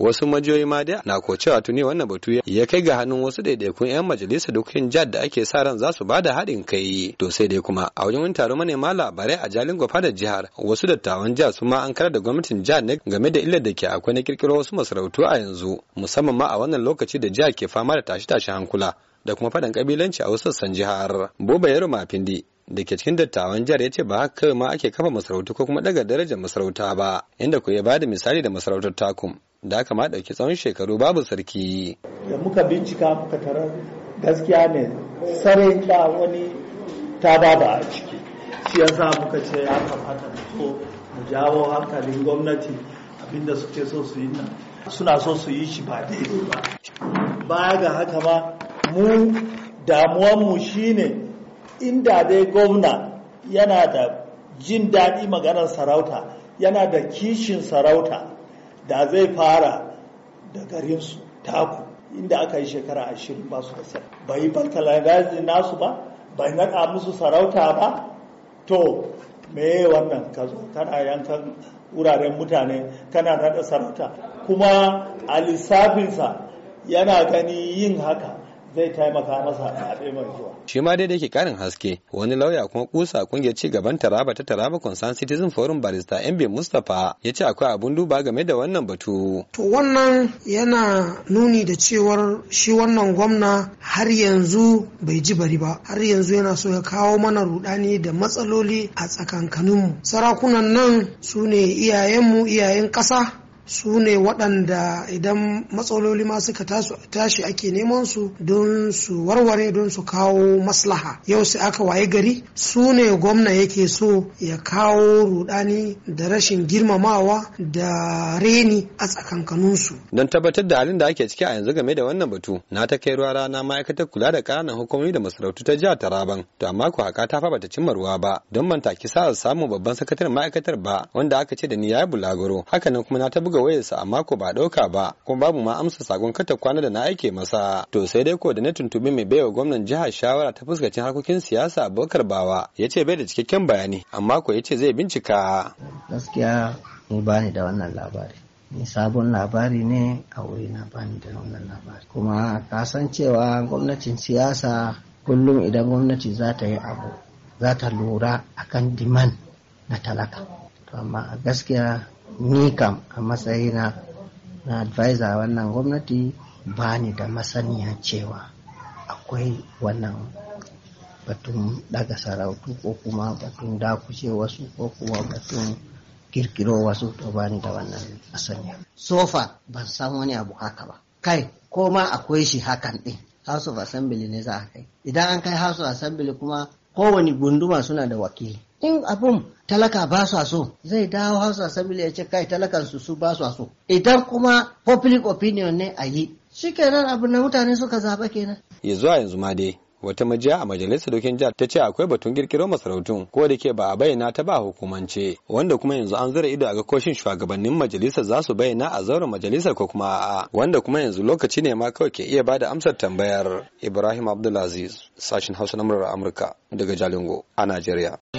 wasu majiyoyi ma dai na ko cewa tuni wannan batu ya kai ga hannun wasu daidaikun 'yan Majalisa dokokin jihar da ake sa ran za su ba da haɗin kai to sai dai kuma a wajen wani taron manema labarai a jalin gwafa da jihar wasu dattawan jihar su ma an karar da gwamnatin jihar ne game da illar da ke akwai na kirkiro wasu masarautu a yanzu musamman ma a wannan lokaci da jihar ke fama da tashe-tashen hankula da kuma faɗan kabilanci a wasu sassan jihar boba yaro mafindi da ke cikin dattawan jihar ya ce ba haka ma ake kafa masarautu ko kuma daga darajar masarauta ba inda ku ya bada misali da masarautar takum da aka ma dauki tsawon shekaru babu sarki da muka bincika muka tarar gaskiya ne sarai da wani ta ba a ciki shi yasa muka ce ya kamata mu so mu jawo hankalin gwamnati abinda suke so su yi nan suna so su yi shi ba daidai ba baya ga haka ma mu mu shine inda dai gwamna yana da jin daɗi maganar sarauta yana da kishin sarauta da zai fara da garinsu taku inda aka yi shekara ashirin ba su kasar bai batalagazi nasu ba bai naɗa musu sarauta ba to me wannan ka zo kana yankan wuraren mutane kana naɗa sarauta kuma a lissafinsa yana gani yin haka zai taimaka masa a mai zuwa. Shi ma daidai da yake karin haske wani lauya kuma kusa kungiyar ci gaban Taraba ta Taraba Concerned Citizen Forum barista MB Mustapha ya ce akwai abun duba game da wannan batu. To wannan yana nuni da cewar shi wannan gwamna har yanzu bai ji bari ba har yanzu yana so ya kawo mana rudani da matsaloli a tsakankaninmu. Sarakunan nan su ne iyayenmu iyayen ƙasa su ne waɗanda idan matsaloli ma suka tashi ake neman su don su warware don su kawo maslaha yau sai aka waye gari su ne gwamna yake so ya kawo rudani da rashin girmamawa da reni a tsakankaninsu don tabbatar da halin da ake ciki a yanzu game da wannan batu na ta kai ruwa rana ma'aikatar kula da ƙananan hukumomi da masarautu ta jihar taraban to amma ko haka ta fa bata cimma ruwa ba don ban taki sa samun babban sakataren ma'aikatar ba wanda aka ce da ni yayi bulaguro hakanan kuma na ta buga wayarsa a mako ba ɗauka ba kuma babu ma amsa sakon kata kwana da na aike masa to sai dai ko da na tuntubi mai baiwa gwamnan jihar shawara ta fuskacin harkokin siyasa bakar Bawa ya ce bai da cikakken bayani amma ko ya ce zai bincika gaskiya ni bani da wannan labari ni sabon labari ne a wuri na bani da wannan labari kuma ka san cewa gwamnatin siyasa kullum idan gwamnati za ta yi abu za ta lura akan diman na talaka to amma a gaskiya ni kam a matsayina na advisor wannan gwamnati ba ni da masaniya cewa akwai wannan batun daga sarautu ko kuma batun dakushe wasu ko kuma batun kirkiro wasu to ba ni da wannan masaniya. Sofa ban san wani abu haka ba. Kai ko ma akwai shi hakan ɗin. House of Assembly ne za a kai. Idan an kai House of Assembly kuma kowane gunduma suna da wakili. in abun talaka ba su so zai dawo hausa assembly ya ce kai talakan su su ba su so idan kuma public opinion ne a yi shikenan abin na mutane suka zaba kenan ya zuwa yanzu ma dai wata majiya a majalisar dokin jihar ta ce akwai batun kirkiro masarautun ko da ke ba a bayyana ta ba hukumance wanda kuma yanzu an zura ido a ga koshin shugabannin majalisar za su bayyana a zauren majalisar ko kuma a wanda kuma yanzu lokaci ne ma kawai ke iya bada amsar tambayar ibrahim abdulaziz sashin hausa na murar amurka daga jalingo a najeriya